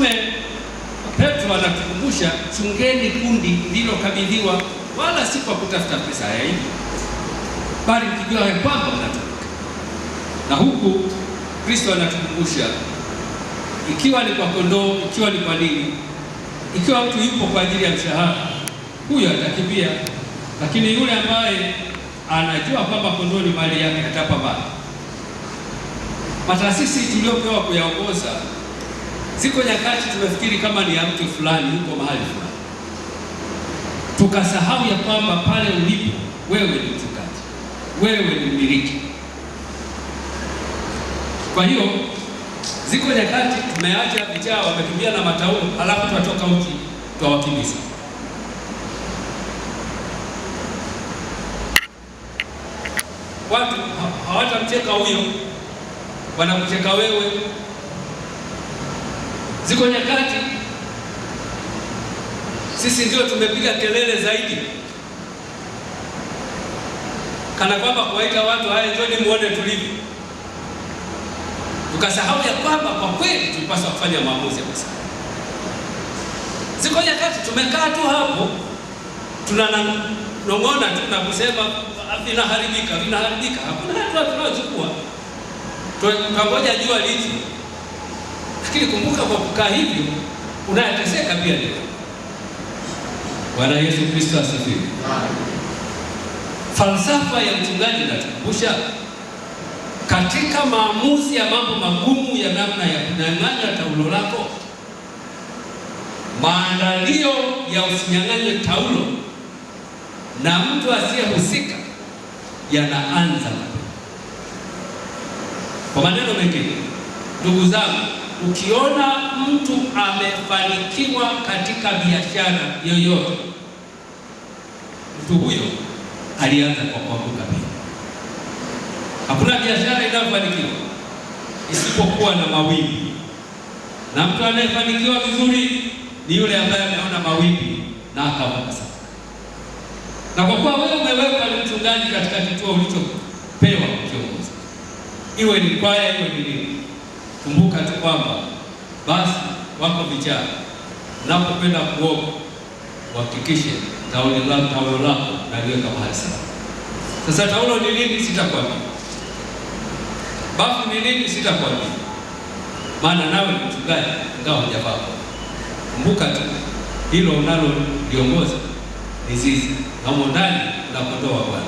Mtume Petro anatukumbusha, chungeni kundi lililokabidhiwa, wala si kwa kutafuta pesa ya hivi, bali mkijua ya kwamba mnatumika. Na huku Kristo anatukumbusha, ikiwa ni kwa kondoo, ikiwa ni kwa nini, ikiwa mtu yupo kwa ajili ya mshahara, huyo atakimbia, lakini yule ambaye anajua kwamba kondoo ni mali yake atapambana. Mataasisi tuliyopewa kuyaongoza Ziko nyakati tunafikiri kama ni ya mtu fulani yuko mahali fulani, tukasahau ya kwamba pale ulipo wewe ni mchungaji, wewe ni mmiliki. Kwa hiyo ziko nyakati tumeacha vijana wamekimbia na mataulo, halafu tunatoka uki twawakimbiza. Watu hawatamcheka huyo, wanakucheka wewe. Ziko nyakati sisi ndio tumepiga kelele zaidi, kana kwamba kuwaita watu haya, njoni muone tulivyo, tukasahau ya kwamba kwa kweli tulipaswa kufanya maamuzi ya busara. Ziko nyakati tumekaa tu hapo tunanong'ona tu na kusema ah, vinaharibika, vinaharibika, hakuna hatua tunaochukua, tunangoja jua lizi lakini kumbuka, kwa kukaa hivyo unayeteseka pia leo. Bwana Yesu Kristo asifiwe. Falsafa ya mchungaji natukumbusha katika maamuzi ya mambo magumu ya namna ya kunyang'anya taulo lako, maandalio ya usinyang'anye taulo na mtu asiyehusika yanaanza. Kwa maneno mengine, ndugu zangu Ukiona mtu amefanikiwa katika biashara yoyote, mtu huyo alianza kwa kuanguka pia. Hakuna biashara inayofanikiwa isipokuwa na mawimbi, na mtu anayefanikiwa vizuri ni yule ambaye ameona mawimbi na akavuka Na kwa kuwa wewe umewekwa ni mchungaji katika kituo ulichopewa kiongozi, iwe ni kwaya, iwe ni nini kumbuka tu kwamba basi wako vijana, unapopenda kuoga uhakikishe taulo lako naliweka mahali sawa. Sasa taulo ni nini? Sitakwambia. Bafu ni nini? Sitakwambia, maana nawe ni mchungaji ingawa hujavaa. Kumbuka tu hilo unalo liongoza ni zizi, na humo ndani na kondoo wa Bwana.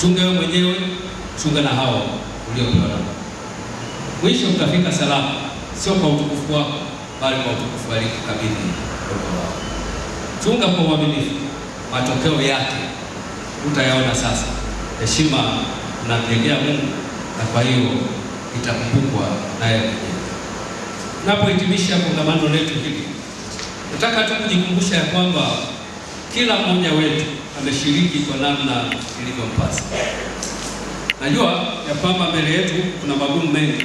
Chunga wewe mwenyewe, chunga na hao uliopewa mwisho utafika salama, sio kwa utukufu wako, bali kwa utukufu alikukabidhi wako Chunga kwa uaminifu, matokeo yake utayaona sasa. Heshima unamjengea Mungu, na kwa hiyo itakumbukwa naye. Napohitimisha kongamano letu hili, nataka tu kujikumbusha ya kwamba kila mmoja wetu ameshiriki kwa namna ilivyompasa. Najua ya kwamba mbele yetu kuna magumu mengi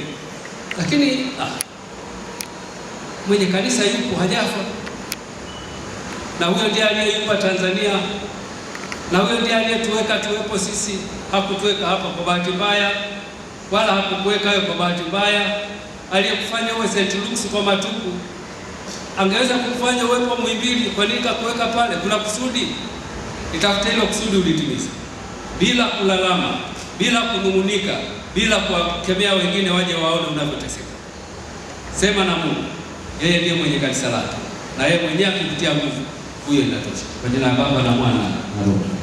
lakini ah, mwenye kanisa yupo hajafa, na huyo ndiye aliyeipa Tanzania, na huyo ndiye aliyetuweka tuwepo sisi. Hakutuweka hapa kwa bahati mbaya, wala hakukuweka kwa bahati mbaya. Aliyekufanya uwe St. Luke's kwa matupu angeweza kufanya uwepo Muhimbili. Kwa nini kakuweka pale? Kuna kusudi, nitafuta hilo kusudi ulitimiza bila kulalama, bila kunung'unika bila kuwakemea wengine waje waone unavyoteseka. Sema na Mungu, yeye ndiye mwenye kanisa lake, na yeye mwenyewe akipitia nguvu, huyo inatosha. Kwa jina la Baba na Mwana na Roho.